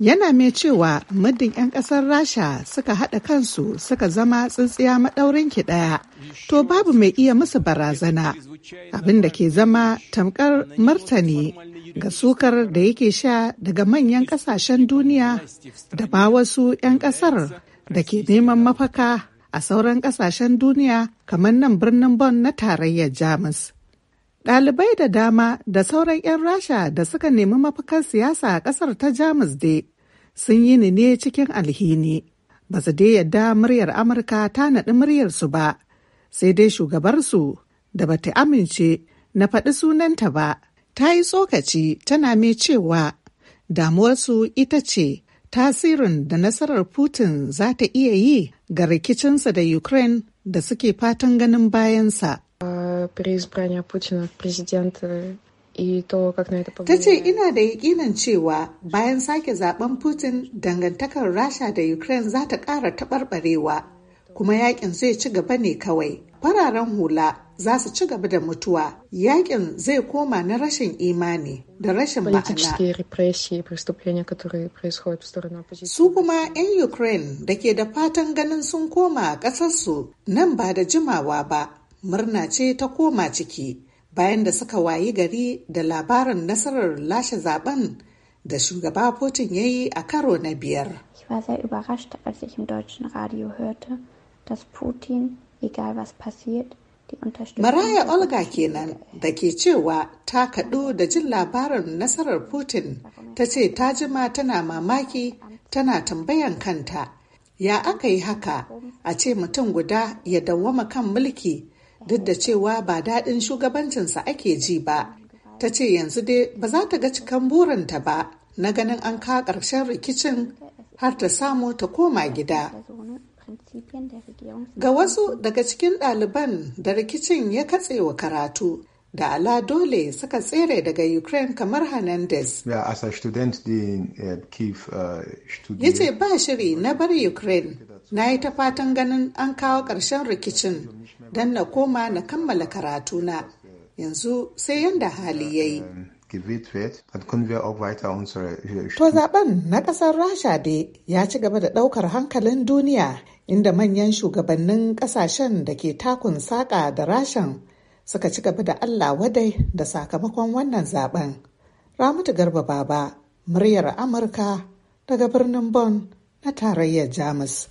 yana mai cewa muddin 'yan kasar rasha suka haɗa kansu suka zama tsintsiya maɗaurin ki ɗaya to babu mai iya musu barazana abin da ke zama tamkar martani ga sukar da yake sha daga manyan ƙasashen duniya da ba wasu 'yan ƙasar da ke neman mafaka a sauran ƙasashen duniya kamar nan birnin bon na tarayyar jamus Ɗalibai da dama da sauran 'yan Rasha da suka nemi mafakan siyasa a ƙasar ta Jamus dai sun yi ni ne cikin alhini. Ba su dai yadda muryar Amurka ta naɗi muryarsu ba, sai dai shugabarsu da ba ta amince na faɗi sunanta ba. Ta yi tsokaci tana mai cewa damuwarsu ita ce tasirin da nasarar Putin za ta iya yi ga rikicinsa da Ukraine da suke fatan ganin bayansa. переизбрания Ta ce ina da yaƙinan cewa bayan sake zaben Putin dangantakar Rasha da Ukraine za ta ƙara taɓarɓarewa kuma yakin zai ci gaba ne kawai. Fararen hula za su ci gaba da mutuwa yakin zai koma na rashin imani da rashin ma'ana su kuma 'yan ukraine da ke da fatan ganin sun koma a ƙasarsu nan ba da jimawa ba murna ce ta koma ciki bayan da suka wayi gari da labarin nasarar lashe zaben da shugaba Putin ya yi a karo na biyar. Ich Maraya Olga kenan da ke cewa ta kaɗu da jin labarin nasarar Putin ta ce ta jima tana mamaki tana tambayan kanta ya aka yi haka a ce mutum guda ya dawwama kan mulki duk da cewa ba daɗin shugabancinsa ake ji ba ta ce yanzu dai ba za ta ga cikan burinta ba na ganin an ka ƙarshen rikicin har ta samu ta koma gida ga wasu daga cikin ɗaliban da rikicin ya katse wa karatu da ala dole suka tsere daga ukraine kamar hernandez uh, uh, ya ce ba shiri na bar ukraine na yi ta fatan ganin an kawo ƙarshen rikicin don na koma na kammala karatuna yanzu sai yadda hali ya yi To zaben na ƙasar Rasha dai ya ci gaba da ɗaukar hankalin duniya inda manyan shugabannin ƙasashen da ke takun saƙa da rashan suka ci gaba da Allah wadai da sakamakon wannan zaben. Ramatu Garba Baba, muryar Amurka daga birnin Bon na tarayyar Jamus.